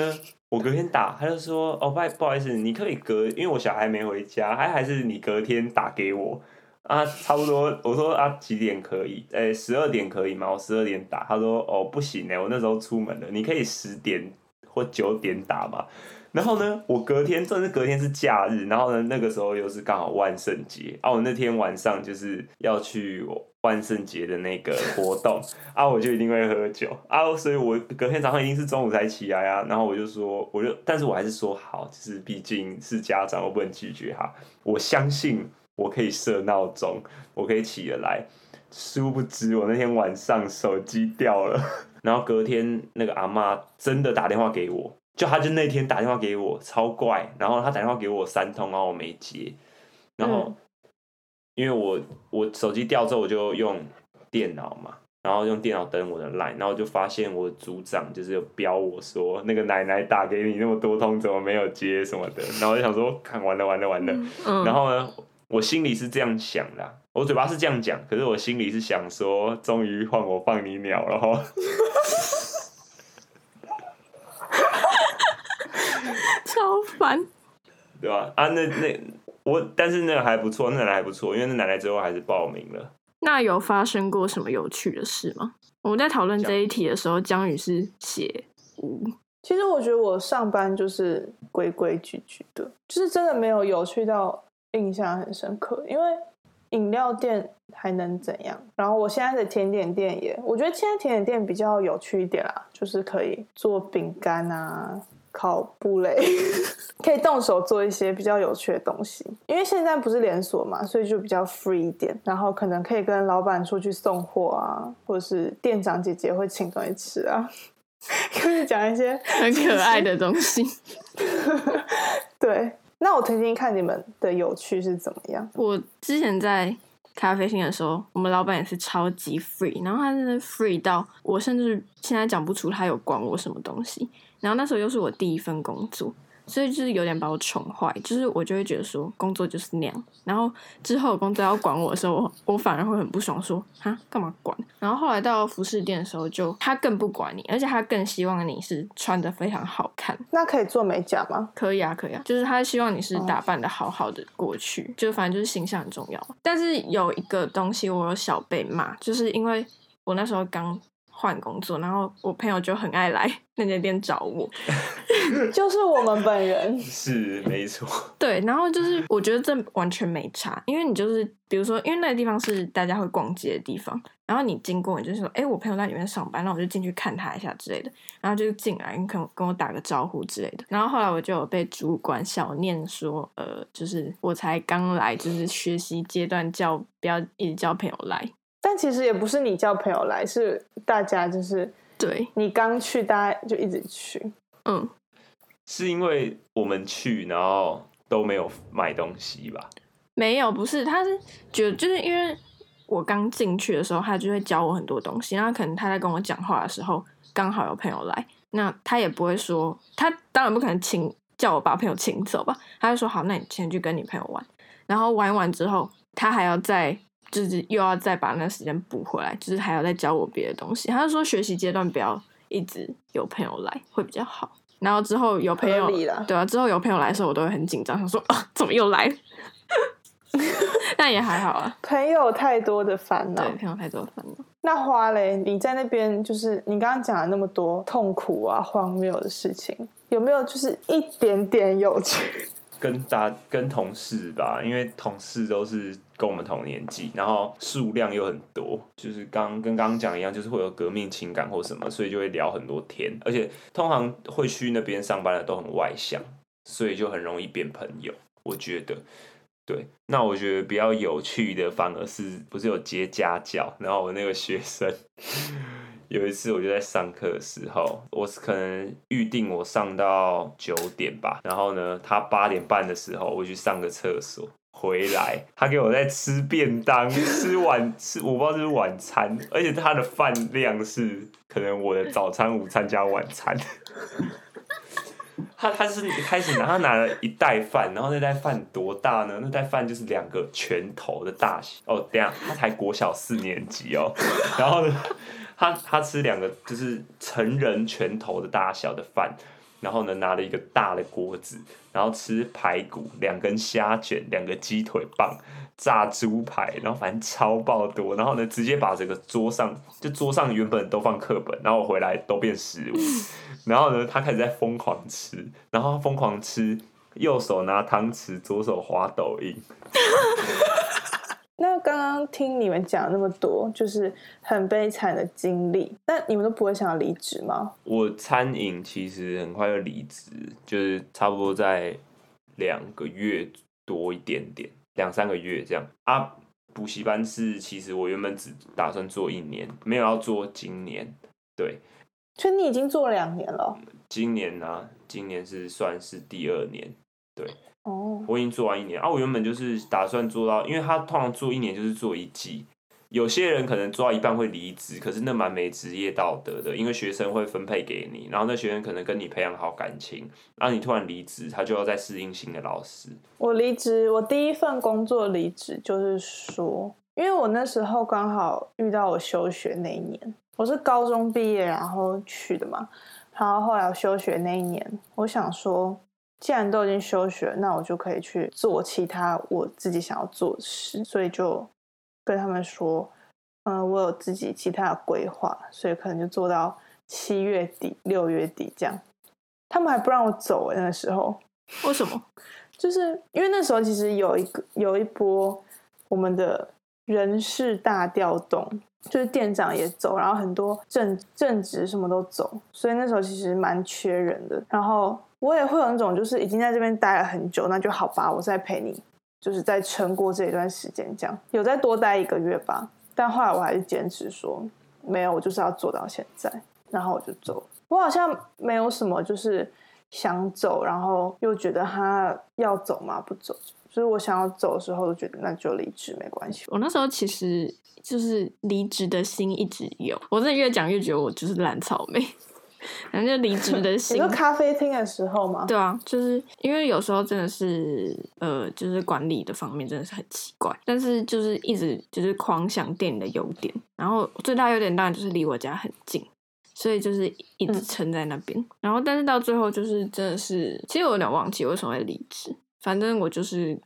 我隔天打，他就說哦，不，不好意思，你可以隔，因為我小孩沒回家，還還是你隔天打給我。啊，差不多，我說啊，幾點可以？哎、欸，十二點可以嗎？我十二點打，他說哦，不行呢。我那時候出門了，你可以十點或九點打嘛。然後呢，我隔天算是隔天是假日，然後呢，那個時候又是剛好萬聖節啊，我那天晚上就是要去我萬聖節的那個活動啊，我就一定會喝酒啊，所以我隔天早上一定是中午才起來啊。然後我就說，我就，但是我還是說好，就是畢竟是家長，我不能拒絕哈。我相信。我可以設鬧鐘，我可以起得來。殊不知，我那天晚上手機掉了，然後隔天那個阿嬤真的打電話給我，就她就那天打電話給我，超怪。然後她打電話給我三通，然後我沒接。然後因為我我手機掉之後，我就用電腦嘛，然後用電腦登我的 LINE，然後就發現我的組長就是有標我說，那個奶奶打給你那麼多通，怎麼沒有接什麼的。然後我就想說，看完了，完了，完了。然後呢，我心裡是這樣想的，我嘴巴是這樣講，可是我心裡是想說，終於換我放你鳥了哈！ 超煩煩，對吧、啊？啊，那那我，但是那個還不錯，奶、那、奶、個、還不錯，因為那奶奶最後還是報名了。那有發生過什麼有趣的事嗎？我們在討論這一題的時候，姜予是寫、嗯、其實我覺得我上班就是規規矩矩的，就是真的沒有有趣到。印象很深刻，因為飲料店還能怎樣？然後我現在的甜點店也，我覺得現在甜點店比較有趣一點啦，就是可以做餅乾啊、烤布蕾， 可以動手做一些比較有趣的東西。因為現在不是連鎖嘛，所以就比較 free 一點。然後可能可以跟老板出去送貨啊，或者是店長姐姐會請東西吃啊，跟 以講一些很可愛的東西。 對。那我聽聽看你們的有趣是怎麼樣？我之前在咖啡廳的時候，我們老闆也是超級 free，然後他真的 free 到我甚至現在講不出他有管我什麼東西。然後那時候又是我第一份工作。所以就是有點把我寵壞，就是我就會覺得說工作就是那樣。然後之後工作要管我的時候，我我反而會很不爽說，說啊幹嘛管？然後後來到服飾店的時候就，就他更不管你，而且他更希望你是穿得非常好看。那可以做美甲嗎？可以啊，可以啊，就是他希望你是打扮得好好的過去，就反正就是形象很重要。但是有一個東西我有小被罵，就是因為我那時候剛。換工作，然後我朋友就很愛來那家店找我， 就是我們本人是沒錯，對，然後就是我覺得這完全沒差，因為你就是比如說，因為那個地方是大家會逛街的地方，然後你經過，你就是說，哎、欸，我朋友在裡面上班，那我就進去看他一下之類的，然後就進來，你可能跟我打個招呼之類的，然後後來我就有被主管小念說，呃，就是我才剛來，就是學習階段叫，叫不要一直叫朋友來。但其實也不是你叫朋友來，是大家就是對你剛去，大家就一直去。對嗯，是因為我們去，然後都沒有買東西吧？沒有，不是，他是覺得，就是因為我剛進去的時候，他就會教我很多東西。然後可能他在跟我講話的時候，剛好有朋友來，那他也不會說，他當然不可能請叫我把朋友請走吧。他就說好，那你先去跟你朋友玩，然後玩完之後，他還要再。就是又要再把那時間補回來，就是還要再教我別的東西。他就說學習階段不要一直有朋友來，會比較好，然後之後有朋友，對啊，之後有朋友來的時候，我都會很緊張，想說啊，怎麼又來？那 也還好啊，朋，朋友太多的煩惱，對，朋友太多的煩惱。那花蕾，你在那邊就是你剛剛講了那麼多痛苦啊、荒謬的事情，有沒有就是一點點友情？跟大跟同事吧，因為同事都是。跟我們同年紀，然後數量又很多，就是剛跟剛剛講一樣，就是會有革命情感或什麼，所以就會聊很多天，而且通常會去那邊上班的都很外向，所以就很容易變朋友。我覺得，對，那我覺得比較有趣的，反而是不是有接家教，然後我那個學生 有一次，我就在上課的時候，我是可能預定我上到九點吧，然後呢，他八點半的時候我去上個廁所。回來，他給我在吃便當，吃晚吃，我不知道這是，是晚餐，而且他的飯量是可能我的早餐、午餐加晚餐。他他就是一開始，拿，他拿了一袋飯，然後那袋飯多大呢？那袋飯就是兩個拳頭的大小。哦，等下他才國小四年級哦。然後呢，他他吃兩個就是成人拳頭的大小的飯。然後呢，拿了一個大的鍋子，然後吃排骨、兩根蝦卷、兩個雞腿棒、炸豬排，然後反正超爆多。然後呢，直接把這個桌上，就桌上原本都放課本，然後回來都變食物。然後呢，他開始在瘋狂吃，然後瘋狂吃，右手拿湯匙，左手滑抖音。 剛剛聽你們講了那麼多，就是很悲慘的經歷。那你們都不會想要離職嗎？我餐飲其實很快就離職，就是差不多在兩個月多一點點，兩三個月這樣啊。補習班是其實我原本只打算做一年，沒有要做今年。對，所以你已經做了兩年了。嗯，今年呢，啊，今年是算是第二年，對。哦，oh. 我已經做完一年啊！我原本就是打算做到，因為他通常做一年就是做一季。有些人可能做到一半會離職，可是那蠻沒職業道德的，因為學生會分配給你，然後那學員可能跟你培養好感情，然後你突然離職，他就要再適應新的老師。我離職，我第一份工作離職就是說，因為我那時候剛好遇到我休學那一年，我是高中畢業然後去的嘛，然後後來我休學那一年，我想說。既然都已經休學，那我就可以去做其他我自己想要做的事。所以就跟他們說，嗯、呃，我有自己其他的規劃，所以可能就做到七月底、六月底這樣。他們還不讓我走欸，那個時候。為什麼？就是因為那時候其實有一個有一波我們的人事大調動，就是店長也走，然後很多正正職什麼都走，所以那時候其實蠻缺人的。然後。我也會有那種，就是已經在這邊待了很久，那就好吧，我再陪你，就是再撐過這一段時間，這樣有再多待一個月吧。但後來我還是堅持說，沒有，我就是要做到現在，然後我就走。我好像沒有什麼，就是想走，然後又覺得他要走嘛，不走。所以我想要走的時候，就覺得那就離職沒關係。我那時候其實就是離職的心一直有，我真的越講越覺得我就是爛草莓。反正離職的時候，一個 咖啡廳的時候嗎？對啊，就是因為有時候真的是，呃，就是管理的方面真的是很奇怪。但是就是一直就是狂想店裡的優點，然後最大優點當然就是離我家很近，所以就是一直撐在那邊。嗯、然後但是到最後就是真的是，其實我有點忘記我為什麼會離職。反正我就是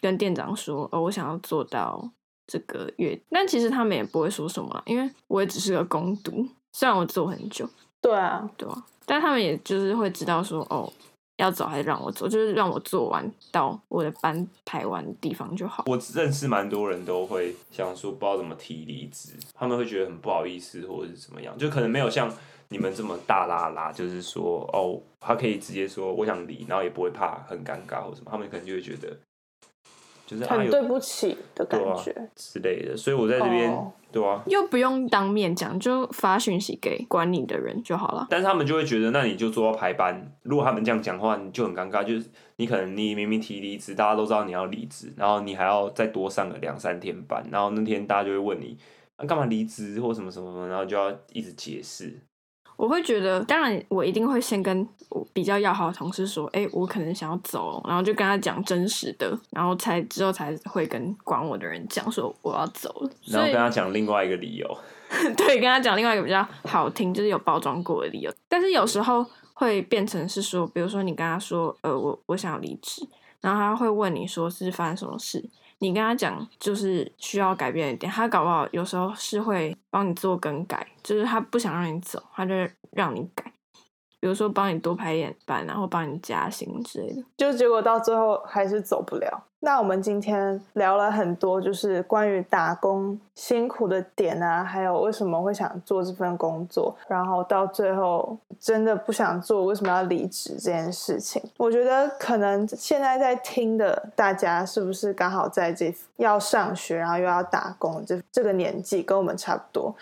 跟店長說、哦，我想要做到這個月，但其實他們也不會說什麼，因為我也只是個工讀，雖然我做很久。對啊，對啊，但他們也就是會知道說，哦，要走還是讓我走，就是讓我做完到我的班排完的地方就好。我認識蠻多人都會想說，不知道怎麼提離職，他們會覺得很不好意思，或者是怎麼樣，就可能沒有像你們這麼大喇喇，就是說，哦，他可以直接說我想離，然後也不會怕很尷尬或什麼，他們可能就會覺得。就是、啊、很對不起的感覺、啊、之類的，所以我在這邊，哦、對啊，又不用當面講，就發訊息給管理的人就好了。但是他們就會覺得，那你就做到排班。如果他們這樣講話，你就很尷尬，就是你可能你明明提離職，大家都知道你要離職，然後你還要再多上個兩三天班，然後那天大家就會問你，那、啊、幹嘛離職或什麼什麼，然後就要一直解釋。我會覺得，當然，我一定會先跟我比較要好的同事說，哎、欸，我可能想要走，然後就跟他講真實的，然後才之後才會跟管我的人講說我要走了，然後跟他講另外一個理由， 對，跟他講另外一個比較好聽，就是有包裝過的理由，但是有時候會變成是說，比如說你跟他說，呃，我我想要離職，然後他會問你說是發生什麼事。你跟他講，就是需要改變一點，他搞不好有時候是會幫你做更改，就是他不想讓你走，他就讓你改。比如說，幫你多排一點班，然後幫你加薪之類的，就結果到最後還是走不了。那我們今天聊了很多，就是關於打工辛苦的點啊，還有為什麼會想做這份工作，然後到最後真的不想做，為什麼要離職這件事情。我覺得可能現在在聽的大家，是不是剛好在這要上學，然後又要打工，這這個年紀跟我們差不多。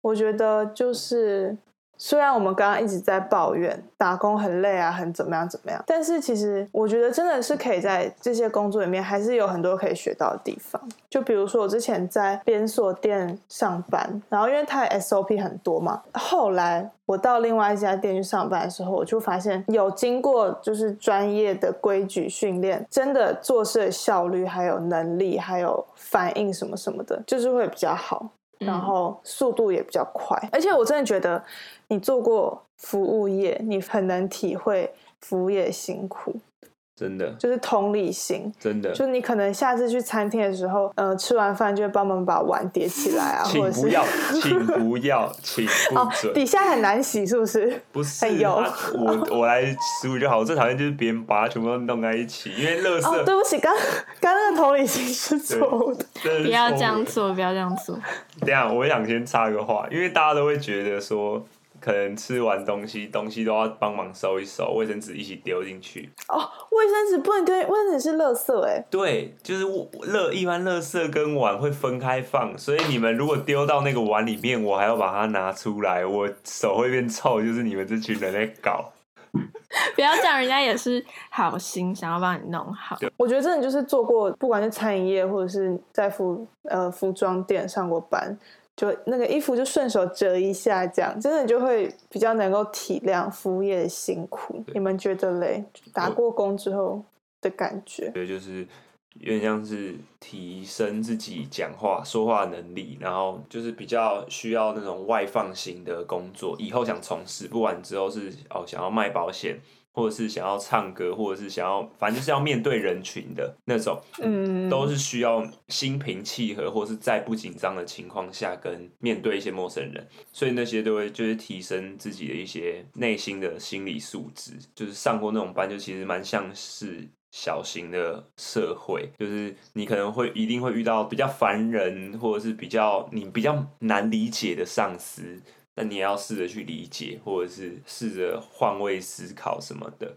我覺得就是。雖然我們剛剛一直在抱怨打工很累啊，很怎麼樣怎麼樣，但是其實我覺得真的是可以在這些工作裡面還是有很多可以學到的地方。就比如說我之前在連鎖店上班，然後因為它 SOP 很多嘛，後來我到另外一家店去上班的時候，我就發現有經過就是專業的規矩訓練，真的做事的效率、還有能力、還有反應什麼什麼的，就是會比較好，然後速度也比較快，嗯、而且我真的覺得。你做過服務業，你很能體會服務業辛苦，真的就是同理心，真的。就你可能下次去餐廳的時候，吃完飯就會幫忙把碗疊起來啊。請不要，請不要，請不准。底下很難洗，是不是？不是。哎呦，我我來洗碗就好。最討厭就是別人把它全部都弄在一起，因為垃圾。對不起，剛剛那個同理心是錯的，不要這樣做，不要這樣做。等下，我想先插個話，因為大家都會覺得說。可能吃完東西，東西都要幫忙收一收，衛生紙一起丟進去。哦，衛生紙不能丟，衛生紙是垃圾哎。對，就是我我我一般垃圾跟碗會分開放，所以你們如果丟到那個碗裡面，我還要把它拿出來，我手會變臭。就是你們這群人在搞， 不要講，人家也是好心， 想要幫你弄好。對我覺得真的就是做過，不管是餐飲業，或者是在服呃服裝店上過班。就那個衣服，就順手折一下，這樣真的就會比較能夠體諒服務業的辛苦。對你們覺得嘞？打過工之後的感覺，對，就是有點像是提升自己講話說話能力，然後就是比較需要那種外放型的工作。以後想從事不完之後是哦，想要賣保險。或者是想要唱歌，或者是想要，反正就是要面對人群的那種，嗯，都是需要心平氣和，或者是在不緊張的情況下，跟面對一些陌生人，所以那些都會就是提升自己的一些內心的心理素質。就是上過那種班，就其實蠻像是小型的社會，就是你可能會一定會遇到比較煩人，或者是比較你比較難理解的上司。那你要試着去理解，或者是試着換位思考什麼的，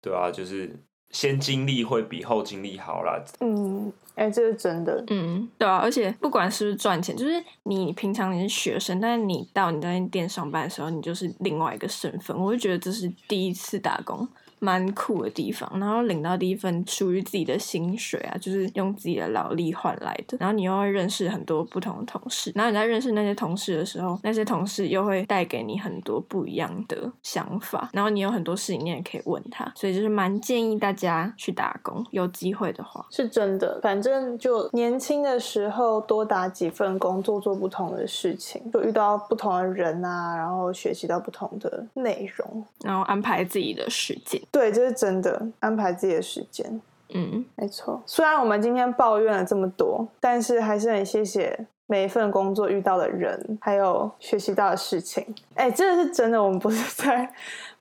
對啊。就是先經歷會比後經歷好啦。嗯，欸，這是真的。嗯，對啊，而且不管是不是賺錢，就是你平常你是學生，但是你到你在店上班的時候，你就是另外一個身份。我就覺得這是第一次打工。蠻酷的地方，然後領到第一份屬於自己的薪水啊，就是用自己的勞力換來的。然後你又會認識很多不同的同事，然後你在認識那些同事的時候，那些同事又會帶給你很多不一樣的想法。然後你有很多事情你也可以問他，所以就是蠻建議大家去打工，有機會的話。是真的，反正就年輕的時候多打幾份工，做做不同的事情，就遇到不同的人啊，然後學習到不同的內容，然後安排自己的時間。對，這、就是真的，安排自己的時間。嗯，沒錯。雖然我們今天抱怨了這麼多，但是還是很謝謝每一份工作遇到的人，還有學習到的事情。哎、欸，這個是真的，我們不是在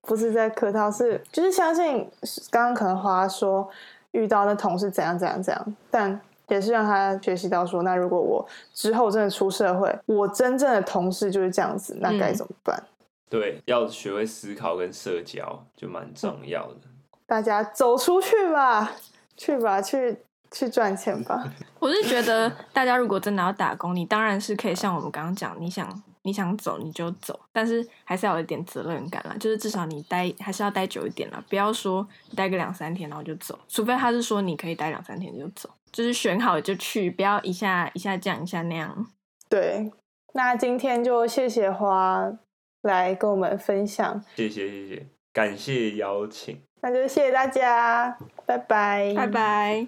不是在客套，是就是相信。剛剛可能花說遇到那同事怎樣怎樣怎樣，但也是讓他學習到說，那如果我之後真的出社會，我真正的同事就是這樣子，那該怎麼辦？嗯對，要學會思考跟社交就蠻重要的。大家走出去吧，去吧，去去賺錢吧。 我是覺得大家如果真的要打工，你當然是可以像我們剛剛講，你想你想走你就走，但是還是要有一點責任感啦，就是至少你待還是要待久一點啦。不要說你待個兩三天然後就走，除非他是說你可以待兩三天就走，就是選好就去，不要一下一下這樣一下那樣。對，那今天就謝謝花。來跟我們分享，謝謝謝謝，感謝邀請，那就謝謝大家，拜拜，拜拜。